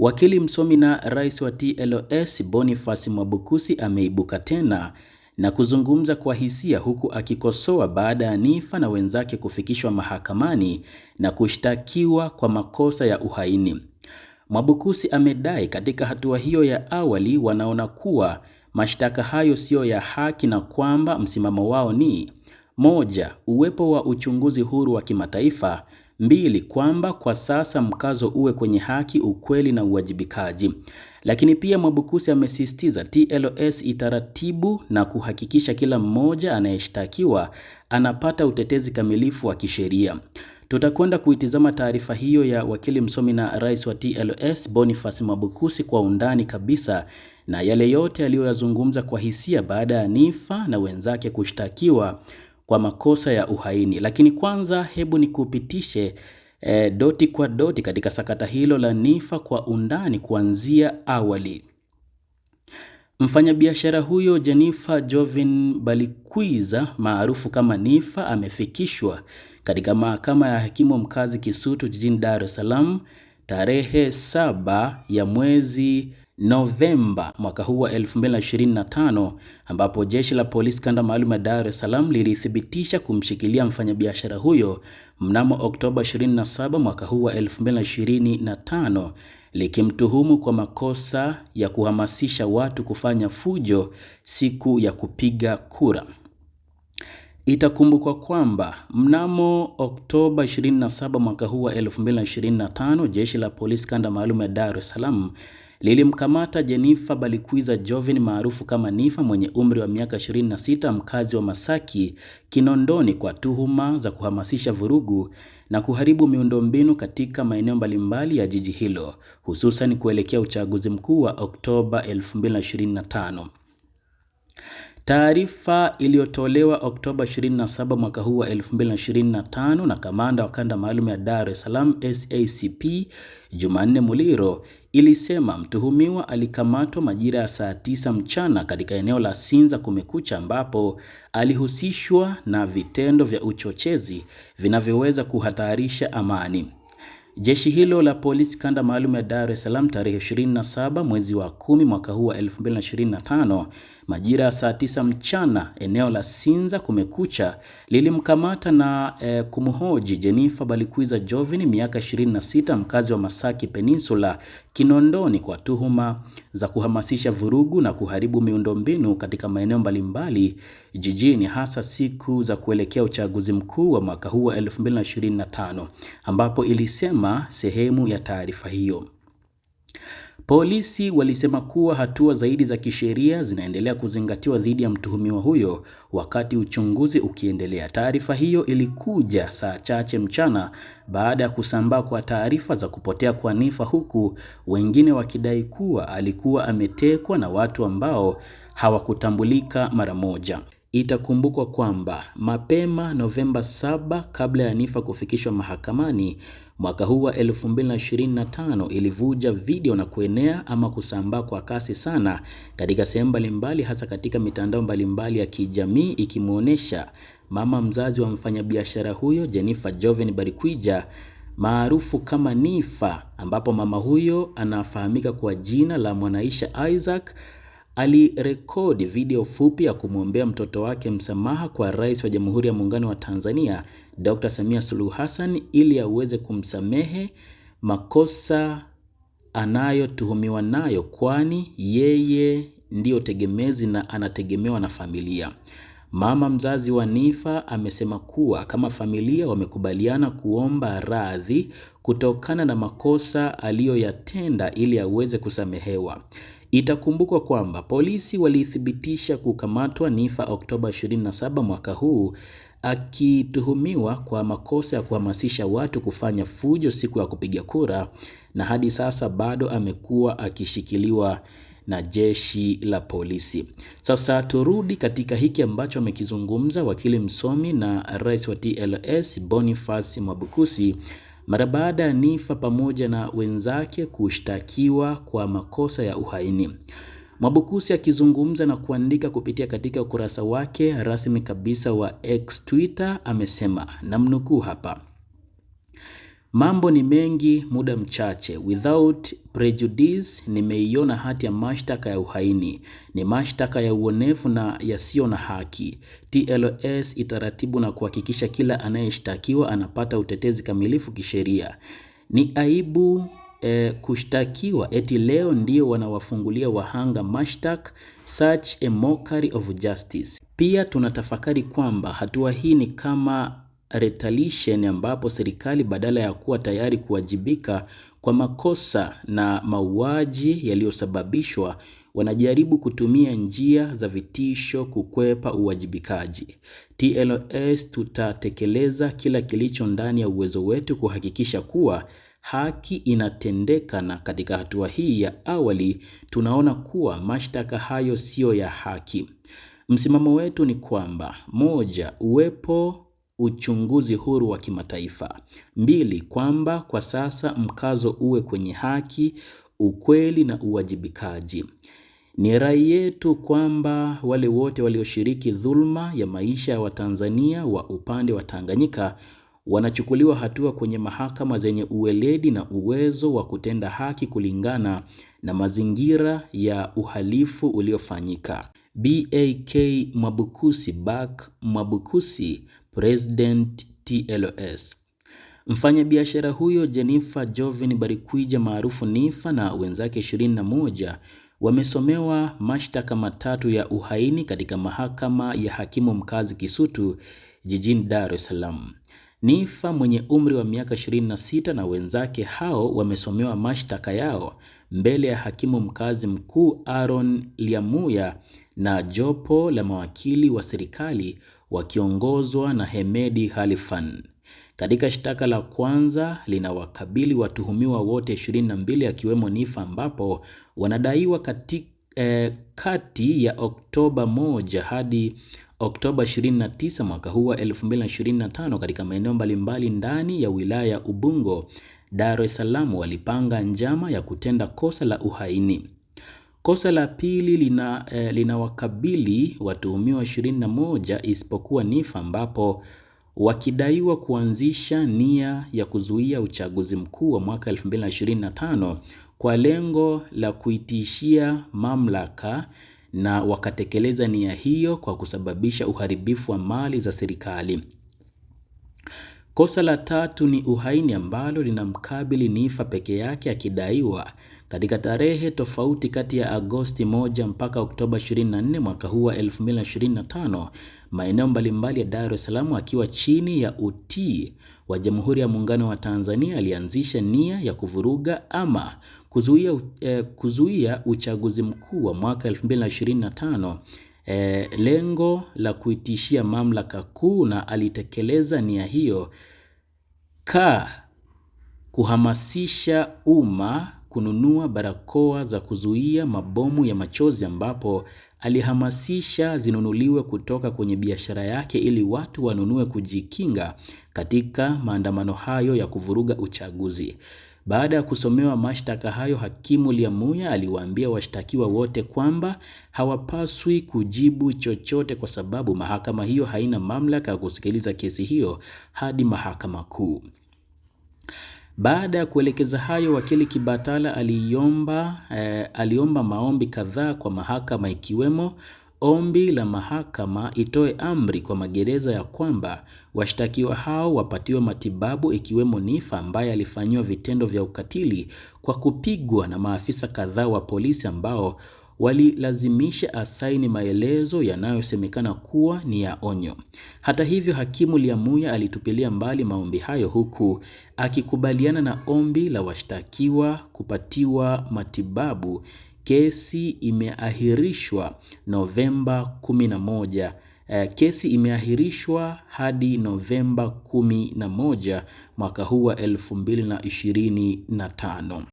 Wakili msomi na rais wa TLS Boniface Mwabukusi ameibuka tena na kuzungumza kwa hisia huku akikosoa baada ya Niffer na wenzake kufikishwa mahakamani na kushtakiwa kwa makosa ya uhaini. Mwabukusi amedai katika hatua hiyo ya awali wanaona kuwa mashtaka hayo siyo ya haki na kwamba msimamo wao ni moja, uwepo wa uchunguzi huru wa kimataifa; Mbili, kwamba kwa sasa mkazo uwe kwenye haki, ukweli na uwajibikaji. Lakini pia Mwabukusi amesisitiza TLS itaratibu na kuhakikisha kila mmoja anayeshtakiwa anapata utetezi kamilifu wa kisheria. Tutakwenda kuitizama taarifa hiyo ya wakili msomi na rais wa TLS Boniface Mwabukusi kwa undani kabisa na yale yote aliyoyazungumza kwa hisia baada ya Niffer na wenzake kushtakiwa kwa makosa ya uhaini. Lakini kwanza hebu nikupitishe e, doti kwa doti katika sakata hilo la Niffer kwa undani kuanzia awali. Mfanyabiashara huyo Jennifer Jovin Balikwiza maarufu kama Niffer amefikishwa katika mahakama ya hakimu mkazi Kisutu jijini Dar es Salaam tarehe saba ya mwezi Novemba mwaka huu wa 2025 ambapo jeshi la polisi kanda maalum ya Dar es Salaam lilithibitisha kumshikilia mfanyabiashara huyo mnamo Oktoba 27 mwaka huu wa 2025 likimtuhumu kwa makosa ya kuhamasisha watu kufanya fujo siku ya kupiga kura. Itakumbukwa kwamba mnamo Oktoba 27 mwaka huu wa 2025 jeshi la polisi kanda maalum ya Dar es Salaam lilimkamata Jenifa Balikwiza Jovin maarufu kama Nifa mwenye umri wa miaka 26 mkazi wa Masaki, Kinondoni kwa tuhuma za kuhamasisha vurugu na kuharibu miundombinu katika maeneo mbalimbali ya jiji hilo, hususan kuelekea uchaguzi mkuu wa Oktoba 2025. Taarifa iliyotolewa Oktoba 27 mwaka huu wa 2025 na kamanda wa kanda maalum ya Dar es Salaam SACP Jumanne Muliro ilisema mtuhumiwa alikamatwa majira ya saa 9 mchana katika eneo la Sinza kumekucha, ambapo alihusishwa na vitendo vya uchochezi vinavyoweza kuhatarisha amani. Jeshi hilo la polisi kanda maalum ya Dar es Salaam tarehe 27 mwezi wa 10 mwaka huu wa 2025 majira ya saa 9 mchana eneo la Sinza kumekucha lilimkamata na eh, kumhoji Jenifer Balikwiza Jovin miaka 26 mkazi wa Masaki Peninsula Kinondoni kwa tuhuma za kuhamasisha vurugu na kuharibu miundombinu katika maeneo mbalimbali jijini hasa siku za kuelekea uchaguzi mkuu wa mwaka huu wa 2025 ambapo ilisema kama sehemu ya taarifa hiyo. Polisi walisema kuwa hatua zaidi za kisheria zinaendelea kuzingatiwa dhidi ya mtuhumiwa huyo wakati uchunguzi ukiendelea. Taarifa hiyo ilikuja saa chache mchana baada ya kusambaa kwa taarifa za kupotea kwa Niffer, huku wengine wakidai kuwa alikuwa ametekwa na watu ambao hawakutambulika mara moja. Itakumbukwa kwamba mapema Novemba 7, kabla ya Niffer kufikishwa mahakamani, Mwaka huu wa 2025 ilivuja video na kuenea ama kusambaa kwa kasi sana katika sehemu mbalimbali, hasa katika mitandao mbalimbali ya kijamii ikimwonyesha mama mzazi wa mfanyabiashara huyo Jennifer Joven Barikwija maarufu kama nifa ambapo mama huyo anafahamika kwa jina la Mwanaisha Isaac alirekodi video fupi ya kumwombea mtoto wake msamaha kwa Rais wa Jamhuri ya Muungano wa Tanzania Dr. Samia Suluhu Hassan ili aweze kumsamehe makosa anayotuhumiwa nayo, kwani yeye ndiyo tegemezi na anategemewa na familia. Mama mzazi wa Nifa amesema kuwa kama familia wamekubaliana kuomba radhi kutokana na makosa aliyoyatenda ili aweze kusamehewa. Itakumbukwa kwamba polisi walithibitisha kukamatwa Niffer Oktoba 27 mwaka huu akituhumiwa kwa makosa ya kuhamasisha watu kufanya fujo siku ya kupiga kura na hadi sasa bado amekuwa akishikiliwa na jeshi la polisi. Sasa turudi katika hiki ambacho amekizungumza wakili msomi na rais wa TLS Boniface Mwabukusi mara baada ya Nifa pamoja na wenzake kushtakiwa kwa makosa ya uhaini. Mwabukusi akizungumza na kuandika kupitia katika ukurasa wake rasmi kabisa wa X Twitter amesema, namnukuu hapa Mambo ni mengi muda mchache. Without prejudice, nimeiona hati ya mashtaka ya uhaini, ni mashtaka ya uonevu na yasiyo na haki. TLS itaratibu na kuhakikisha kila anayeshtakiwa anapata utetezi kamilifu kisheria. Ni aibu eh, kushtakiwa eti leo ndio wanawafungulia wahanga mashtaka. Such a mockery of justice. Pia tunatafakari kwamba hatua hii ni kama retaliation ambapo serikali badala ya kuwa tayari kuwajibika kwa makosa na mauaji yaliyosababishwa wanajaribu kutumia njia za vitisho kukwepa uwajibikaji. TLS tutatekeleza kila kilicho ndani ya uwezo wetu kuhakikisha kuwa haki inatendeka, na katika hatua hii ya awali tunaona kuwa mashtaka hayo siyo ya haki. Msimamo wetu ni kwamba moja, uwepo uchunguzi huru wa kimataifa. Mbili, kwamba kwa sasa mkazo uwe kwenye haki, ukweli na uwajibikaji. Ni rai yetu kwamba wale wote walioshiriki dhulma ya maisha ya Watanzania wa upande wa Tanganyika wanachukuliwa hatua kwenye mahakama zenye uweledi na uwezo wa kutenda haki kulingana na mazingira ya uhalifu uliofanyika. Bak Mwabukusi Bak Mwabukusi President TLS. Mfanyabiashara huyo jennifer Jovin Barikwija maarufu Nifa na wenzake 21 wamesomewa mashtaka matatu ya uhaini katika mahakama ya hakimu mkazi Kisutu jijini Dar es Salaam. Nifa mwenye umri wa miaka 26 na wenzake hao wamesomewa mashtaka yao mbele ya hakimu mkazi mkuu Aaron Liamuya na jopo la mawakili wa serikali wakiongozwa na Hemedi Halifan. Katika shtaka la kwanza linawakabili watuhumiwa wote 22 akiwemo Nifa ambapo wanadaiwa kati, eh, kati ya Oktoba 1 hadi Oktoba 29 mwaka huu wa 2025 katika maeneo mbalimbali ndani ya wilaya ya Ubungo, Dar es Salaam walipanga njama ya kutenda kosa la uhaini. Kosa la pili lina, eh, linawakabili watuhumiwa 21 isipokuwa Niffer ambapo wakidaiwa kuanzisha nia ya kuzuia uchaguzi mkuu wa mwaka 2025 kwa lengo la kuitishia mamlaka na wakatekeleza nia hiyo kwa kusababisha uharibifu wa mali za serikali. Kosa la tatu ni uhaini ambalo linamkabili Niffer peke yake akidaiwa katika tarehe tofauti kati ya Agosti 1 mpaka Oktoba 24 mwaka huu wa 2025 maeneo mbalimbali ya Dar es Salaam akiwa chini ya utii wa Jamhuri ya Muungano wa Tanzania alianzisha nia ya kuvuruga ama kuzuia, eh, kuzuia uchaguzi mkuu wa mwaka 2025 e, lengo la kuitishia mamlaka kuu na alitekeleza nia hiyo. K, kuhamasisha umma kununua barakoa za kuzuia mabomu ya machozi ambapo alihamasisha zinunuliwe kutoka kwenye biashara yake ili watu wanunue kujikinga katika maandamano hayo ya kuvuruga uchaguzi. Baada ya kusomewa mashtaka hayo, hakimu Lyamuya aliwaambia washtakiwa wote kwamba hawapaswi kujibu chochote kwa sababu mahakama hiyo haina mamlaka ya kusikiliza kesi hiyo hadi mahakama kuu. Baada ya kuelekeza hayo, wakili Kibatala aliomba, eh, aliomba maombi kadhaa kwa mahakama ikiwemo ombi la mahakama itoe amri kwa magereza ya kwamba washtakiwa hao wapatiwe matibabu ikiwemo Niffer ambaye alifanyiwa vitendo vya ukatili kwa kupigwa na maafisa kadhaa wa polisi ambao walilazimisha asaini maelezo yanayosemekana kuwa ni ya onyo. Hata hivyo, hakimu liamuya alitupilia mbali maombi hayo huku akikubaliana na ombi la washtakiwa kupatiwa matibabu kesi imeahirishwa Novemba 11. Eh, kesi imeahirishwa hadi Novemba 11 mwaka huu wa 2025.